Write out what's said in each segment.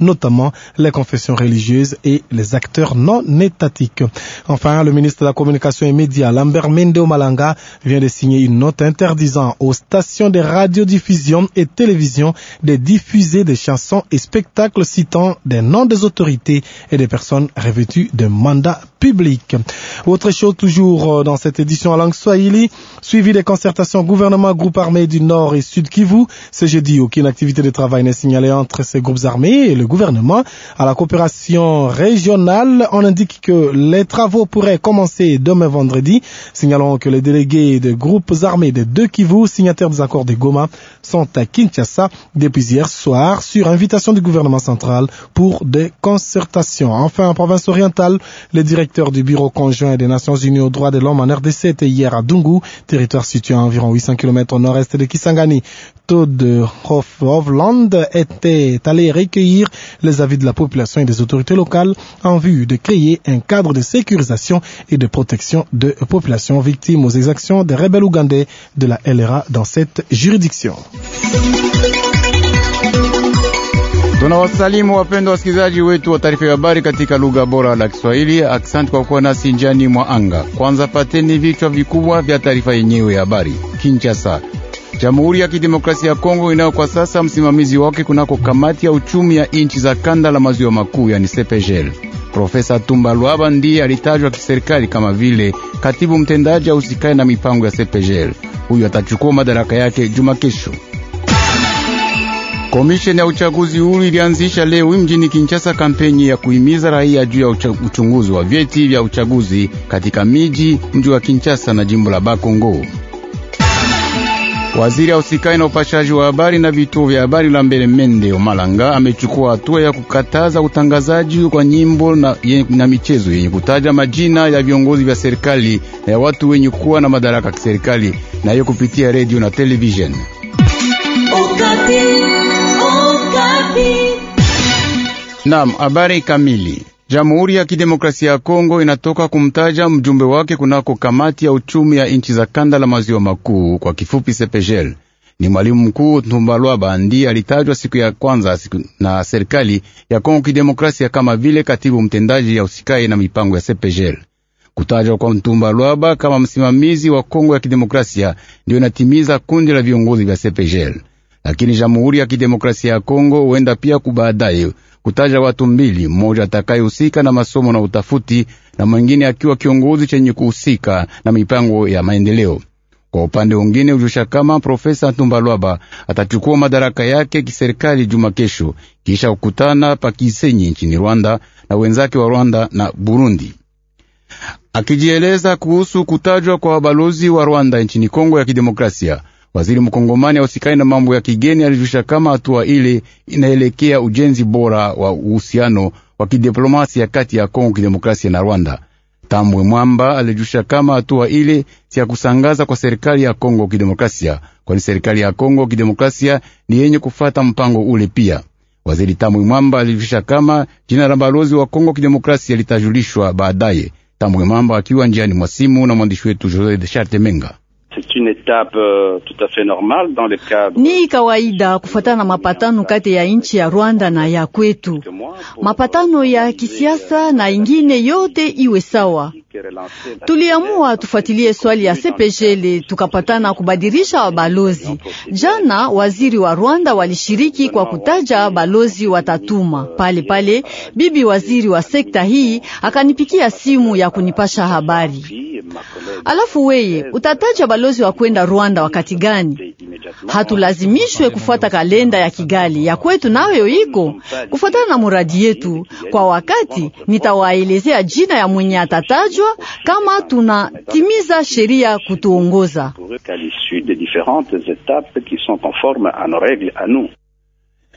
notamment les confessions religieuses et les acteurs non étatiques. Enfin, le ministre de la Communication et Médias, Lambert Mendeo Malanga, vient de signer une note interdisant aux stations de radiodiffusion et télévision de diffuser des chansons et spectacles citant des noms des autorités et des personnes revêtues de mandats publics. Autre chose toujours euh, dans cette édition à langue swahili, suivi des concertations gouvernement groupe armé du Nord et Sud Kivu, ce jeudi aucune activité de travail n'est signalée entre ces groupes armés et le gouvernement à la coopération régionale. On indique que les travaux pourraient commencer demain vendredi, Signalons que les délégués des groupes armés des deux Kivu, signataires des accords de Goma, sont à Kinshasa depuis hier soir sur invitation du gouvernement central pour des concertations. Enfin, en province orientale, le directeur du bureau conjoint des Nations Unies aux droits de l'homme en RDC était hier à Dungu, territoire situé à environ 800 km au nord-est de Kisangani. Todd Hovland était allé recueillir les avis de la population et des autorités locales en vue de créer un cadre de sécurisation et de protection de populations victimes aux exactions des rebelles ougandais de la LRA dans cette juridiction. Jamhuri ya Kidemokrasia ya Kongo inayo kwa sasa msimamizi wake kunako kamati ya uchumi ya inchi za kanda la maziwa makuu, yani CEPGL. Profesa Tumba Lwaba ndiye alitajwa kiserikali kama vile katibu mtendaji ausikae na mipango ya CEPGL. Huyu atachukua madaraka yake juma kesho. Komisheni ya uchaguzi huru ilianzisha leo mjini Kinshasa kampeni ya kuhimiza raia juu ya uchunguzi wa vyeti vya uchaguzi katika miji mji wa Kinshasa na jimbo la Bakongo. Waziri ausikai na upashaji wa habari na vituo vya habari la mbele Mende Omalanga amechukua hatua ya kukataza utangazaji kwa nyimbo na, na michezo yenye kutaja majina ya viongozi vya serikali na ya watu wenye kuwa na madaraka ya kiserikali na hiyo kupitia redio na televisheni. Naam, habari kamili Jamhuri ya Kidemokrasia ya Kongo inatoka kumtaja mjumbe wake kunako kamati ya uchumi ya nchi za kanda la maziwa makuu, kwa kifupi CEPGL. Ni mwalimu mkuu Ntumbalwa Bandi alitajwa siku ya kwanza siku na serikali ya Kongo Kidemokrasia kama vile katibu mtendaji ya usikaye na mipango ya CEPGL. Kutajwa kwa ntumba Lwaba kama msimamizi wa Kongo ya Kidemokrasia ndio inatimiza kundi la viongozi vya CEPGL, lakini Jamhuri ya Kidemokrasia ya Kongo huenda pia kubaadaye kutaja watu mbili, mmoja atakayehusika na masomo na utafuti na mwingine akiwa kiongozi chenye kuhusika na mipango ya maendeleo. Kwa upande mwingine, ujusha kama Profesa Ntumbalwaba atachukua madaraka yake kiserikali juma kesho, kisha kukutana pakisenyi nchini Rwanda na wenzake wa Rwanda na Burundi. Akijieleza kuhusu kutajwa kwa wabalozi wa Rwanda nchini Kongo ya Kidemokrasia, Waziri mkongomani ausikae na mambo ya kigeni alijusha kama hatua ile inaelekea ujenzi bora wa uhusiano wa kidiplomasia kati ya Kongo kidemokrasia na Rwanda. Tambwe Mwamba alijusha kama hatua ile si ya kusangaza kwa serikali ya Kongo kidemokrasia, kwani serikali ya Kongo kidemokrasia ni yenye kufata mpango ule pia. Waziri Tambwe Mwamba alijusha kama jina la balozi wa Kongo kidemokrasia litajulishwa baadaye. Tambwe Mwamba akiwa njiani mwa simu na mwandishi wetu Jose de Charte Menga. C'est une étape euh, tout à fait normale dans le cadre. Ni kawaida kufuatana na mapatano kati ya nchi ya Rwanda na ya kwetu, mapatano ya kisiasa na ingine yote iwe sawa. Tuliamua tufuatilie swali ya sepejele, tukapatana kubadilisha wabalozi. Jana waziri wa Rwanda walishiriki kwa kutaja balozi watatuma euh, pale pale. Bibi waziri wa sekta hii akanipikia simu ya kunipasha habari, alafu weye utataja balozi wa kwenda Rwanda wakati gani? Hatulazimishwe kufuata kalenda ya Kigali ya kwetu, nayo iko kufuatana na muradi yetu. Kwa wakati nitawaelezea jina ya mwenye atatajwa kama tunatimiza sheria kutuongoza.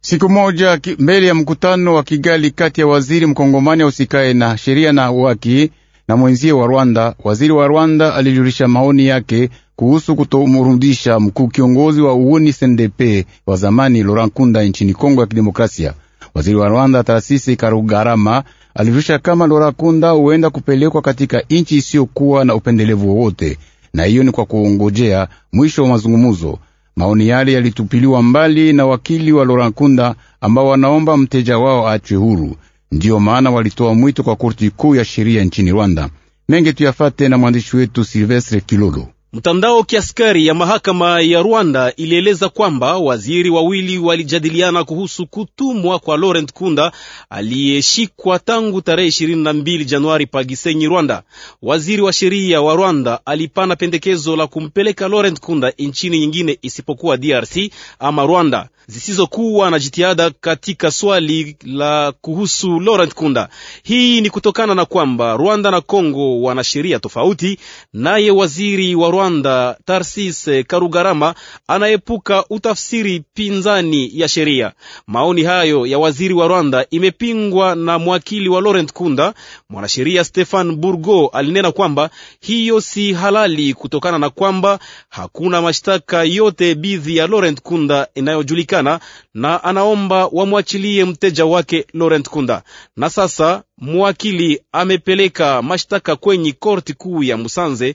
Siku moja mbele ya mkutano wa Kigali kati ya waziri mkongomani ausikae na sheria na haki na mwenzie wa Rwanda. Waziri wa Rwanda alijulisha maoni yake kuhusu kutomurudisha mkuu kiongozi wa uoni sendepe wa zamani Laurent kunda nchini Kongo ya Kidemokrasia. Waziri wa Rwanda Taasisi Karugarama alijulisha kama Laurent Kunda huenda kupelekwa katika nchi isiyokuwa na upendelevu wowote, na hiyo ni kwa kuongojea mwisho wa mazungumuzo. Maoni yale yalitupiliwa mbali na wakili wa Laurent Nkunda ambao wanaomba mteja wao aachwe huru. Ndiyo maana walitoa mwito kwa korti kuu ya sheria nchini Rwanda. Mengi tuyafate na mwandishi wetu Silvestre Kilolo. Mtandao kiaskari ya mahakama ya Rwanda ilieleza kwamba waziri wawili walijadiliana kuhusu kutumwa kwa Laurent Kunda aliyeshikwa tangu tarehe 22 Januari pa Gisenyi, Rwanda. Waziri wa sheria wa Rwanda alipana pendekezo la kumpeleka Laurent Kunda nchini nyingine isipokuwa DRC ama Rwanda zisizokuwa na jitihada katika swali la kuhusu Laurent Kunda. Hii ni kutokana na kwamba Rwanda na Kongo wana sheria tofauti, naye waziri wa Rwanda Tarsis Karugarama anaepuka utafsiri pinzani ya sheria. Maoni hayo ya waziri wa Rwanda imepingwa na mwakili wa Laurent Kunda. Mwanasheria Stefan Burgo alinena kwamba hiyo si halali kutokana na kwamba hakuna mashtaka yote bidhi ya Laurent Kunda inayojulikana kupatikana na anaomba wamwachilie mteja wake Laurent Kunda. Na sasa mwakili amepeleka mashtaka kwenye korti kuu ya Musanze.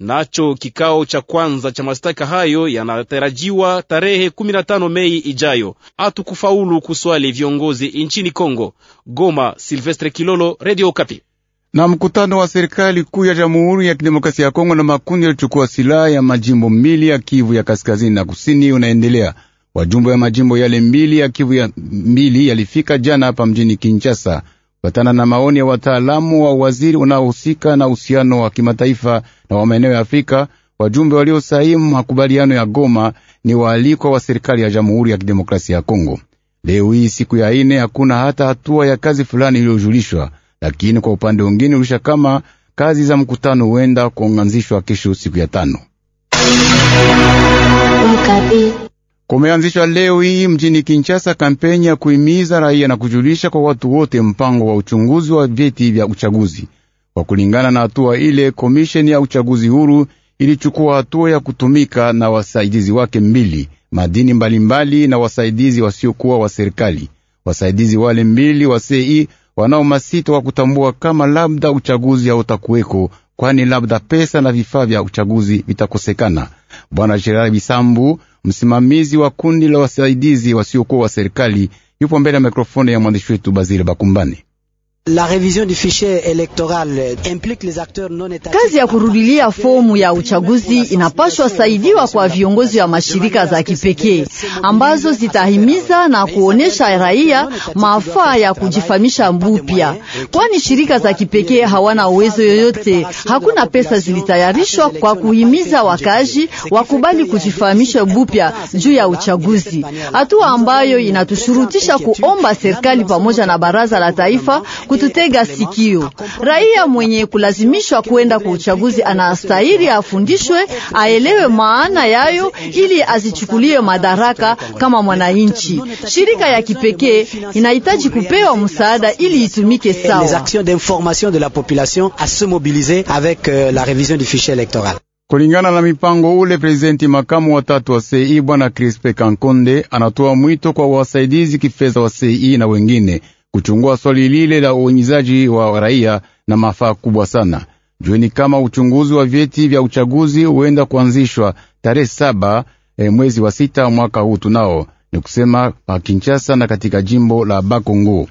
Nacho kikao cha kwanza cha mashtaka hayo yanatarajiwa tarehe 15 Mei ijayo. Hatukufaulu kuswali viongozi nchini Kongo. Goma, Silvestre Kilolo, Radio Okapi. Na mkutano wa serikali kuu ya Jamhuri ya Kidemokrasia ya Kongo na makundi yalichukua silaha ya majimbo mbili ya Kivu ya kaskazini na kusini unaendelea. Wajumbe wa majimbo yale mbili ya Kivu ya mbili yalifika jana hapa mjini Kinshasa kufatana na maoni ya wataalamu wa waziri unaohusika na uhusiano wa kimataifa na wa maeneo ya Afrika. Wajumbe waliosahimu makubaliano ya Goma ni waalikwa wa serikali ya Jamhuri ya Kidemokrasia ya Kongo. Leo hii siku ya ine, hakuna hata hatua ya kazi fulani iliyojulishwa, lakini kwa upande wengine ulisha kama kazi za mkutano huenda kuanganzishwa kesho siku ya tano. Mkabi. Kumeanzishwa leo hii mjini Kinshasa kampeni ya kuhimiza raia na kujulisha kwa watu wote mpango wa uchunguzi wa vyeti vya uchaguzi. Kwa kulingana na hatua ile, komisheni ya uchaguzi huru ilichukua hatua ya kutumika na wasaidizi wake mbili madini mbalimbali mbali, na wasaidizi wasiokuwa wa serikali. Wasaidizi wale mbili wa CI e wanao masito wa kutambua kama labda uchaguzi hautakuweko, kwani labda pesa na vifaa vya uchaguzi vitakosekana. Bwana Gerard Bisambu msimamizi wa kundi la wasaidizi wasiokuwa wa serikali, yupo mbele ya mikrofoni ya mwandishi wetu Bazile Bakumbani. La revision du fichier electoral implique les acteurs non étatiques. Kazi ya kurudilia fomu ya uchaguzi inapaswa saidiwa kwa viongozi wa mashirika za kipekee ambazo zitahimiza na kuonesha raia maafaa ya kujifamisha mbupya, kwani shirika za kipekee hawana uwezo yoyote. Hakuna pesa zilitayarishwa kwa kuhimiza wakazi wakubali kujifamisha bupya juu ya uchaguzi, hatua ambayo inatushurutisha kuomba serikali pamoja na baraza la taifa kututega sikio. Raia mwenye kulazimishwa kwenda kwa uchaguzi anastahili afundishwe, aelewe maana yayo, ili azichukulie madaraka kama mwananchi. Shirika ya kipekee inahitaji kupewa msaada ili itumike sawa. Euh, Kulingana na mipango ule, prezidenti makamu watatu wa CEI bwana Crispe Kankonde anatoa mwito kwa wasaidizi kifedha wa CEI na wengine Kuchungua swali lile la uingizaji wa raia na mafaa kubwa sana. Jueni kama uchunguzi wa vyeti vya uchaguzi huenda kuanzishwa tarehe saba e, mwezi wa sita mwaka huu tunao ni kusema pa Kinshasa na katika jimbo la Bakongo.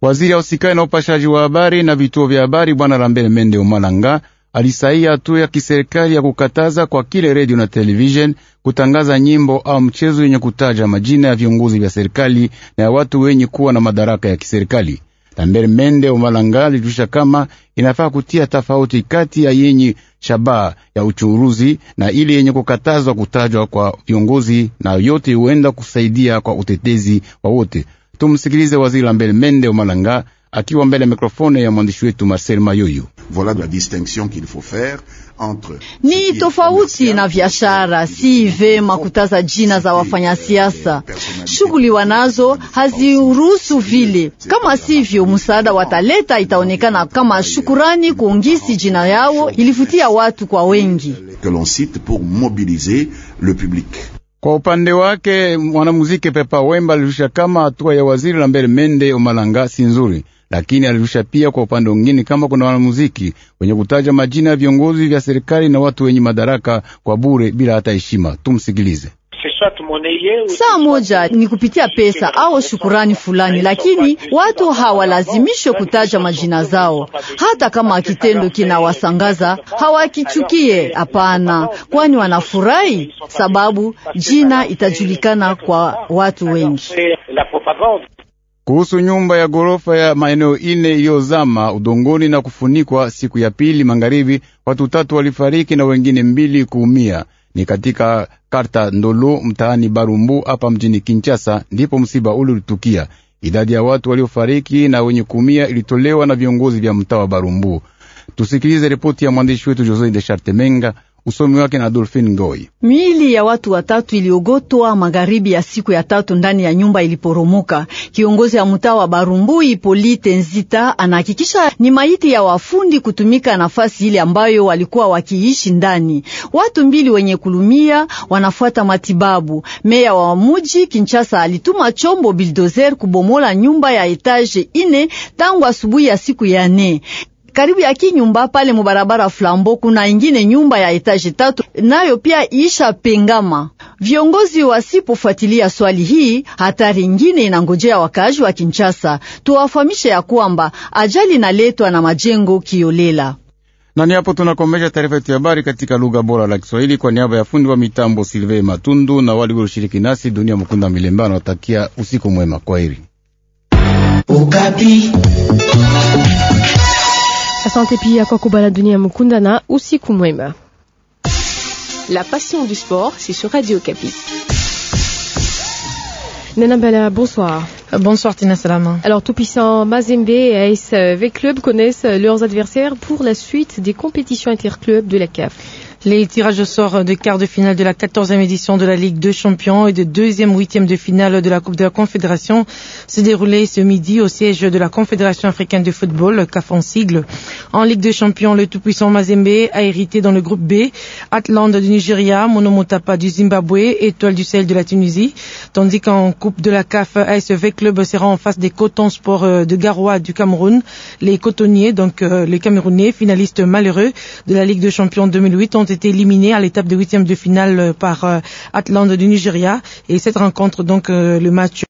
Waziri ya usikani na upashaji wa habari na vituo vya habari Bwana lambele Mende umalanga alisaini hatua ya kiserikali ya kukataza kwa kile redio na televisheni kutangaza nyimbo au mchezo yenye kutaja majina ya viongozi vya serikali na ya watu wenye kuwa na madaraka ya kiserikali. Lambert Mende Omalanga alijulisha kama inafaa kutia tofauti kati ya yenye shabaha ya uchuruzi na ile yenye kukatazwa kutajwa kwa viongozi, na yote huenda kusaidia kwa utetezi wa wote. Tumsikilize Waziri Lambert Mende Omalanga akiwa mbele ya mikrofone ya mwandishi wetu Marcel Mayoyo. Voilà la distinction qu'il faut faire entre ni tofauti na biashara. Si vema kutaza jina za wafanyasiasa, euh, shughuli wanazo haziruhusu vile, kama sivyo msaada wataleta itaonekana kama shukurani kuongisi jina yao ilivutia watu kwa wengi que l'on cite pour mobiliser le public. Kwa upande wake mwanamuziki Pepa Wemba alirusha kama hatua ya waziri la mbele Mende Omalanga si nzuri, lakini alirusha pia kwa upande mwingine kama kuna wanamuziki wenye kutaja majina ya viongozi vya serikali na watu wenye madaraka kwa bure bila hata heshima. Tumsikilize. Saa moja ni kupitia pesa au shukurani fulani, lakini watu hawalazimishwe kutaja majina zao. Hata kama kitendo kinawasangaza hawakichukie, hapana, kwani wanafurahi sababu jina itajulikana kwa watu wengi kuhusu nyumba ya gorofa ya maeneo ine iliyozama udongoni na kufunikwa siku ya pili magharibi, watu tatu walifariki na wengine mbili kuumia. Ni katika karta Ndolo mtaani Barumbu hapa mjini Kinshasa ndipo msiba ule ulitukia. Idadi ya watu waliofariki na wenye kuumia ilitolewa na viongozi vya mtaa wa Barumbu. Tusikilize ripoti ya mwandishi wetu Jose de Chartemenga usomi wake na Dolphin Ngoi. Miili ya watu watatu iliogotwa magharibi ya siku ya tatu ndani ya nyumba iliporomoka. Kiongozi ya mtaa wa Barumbui Polite Nzita anahakikisha ni maiti ya wafundi kutumika nafasi ile ambayo walikuwa wakiishi ndani. Watu mbili wenye kulumia wanafuata matibabu. Meya wa muji Kinshasa alituma chombo bildozer kubomola nyumba ya etaje ine tangu asubuhi ya siku ya nne karibu ya kinyumba pale mubarabara Flambo kuna ingine nyumba ya etaji tatu nayo pia isha pengama. Viongozi wasipofuatilia swali hii, hatari ingine inangojea wakaaji wa Kinshasa. Tuwafahamishe ya kwamba ajali inaletwa na majengo kiolela. Na ni hapo tunakomesha taarifa yetu ya habari katika lugha bora la Kiswahili. Kwa niaba ya fundi wa mitambo Silve Matundu na wali walioshiriki nasi, Dunia Mukunda Milemba anawatakia usiku mwema. Ukapi. La passion du sport, c'est sur Radio Capi. Nana bonsoir. Euh, bonsoir Tina Alors tout-puissant Mazembe et ASV euh, Club connaissent euh, leurs adversaires pour la suite des compétitions interclubs de la CAF. Les tirages au sort de quart de finale de la 14 édition de la Ligue des Champions et de deuxième huitième de finale de la Coupe de la Confédération se déroulaient ce midi au siège de la Confédération africaine de football, CAF en sigle. En Ligue des Champions, le tout-puissant Mazembe a hérité dans le groupe B Atlante du Nigeria, Monomotapa du Zimbabwe, Étoile du Sel de la Tunisie, tandis qu'en Coupe de la CAF, ASV Club sera en face des Cotons sports de Garoua du Cameroun. Les cotonniers, donc euh, les Camerounais, finalistes malheureux de la Ligue des Champions 2008, été éliminé à l'étape de huitième de finale euh, par euh, Atlanta du Nigeria. Et cette rencontre, donc, euh, le match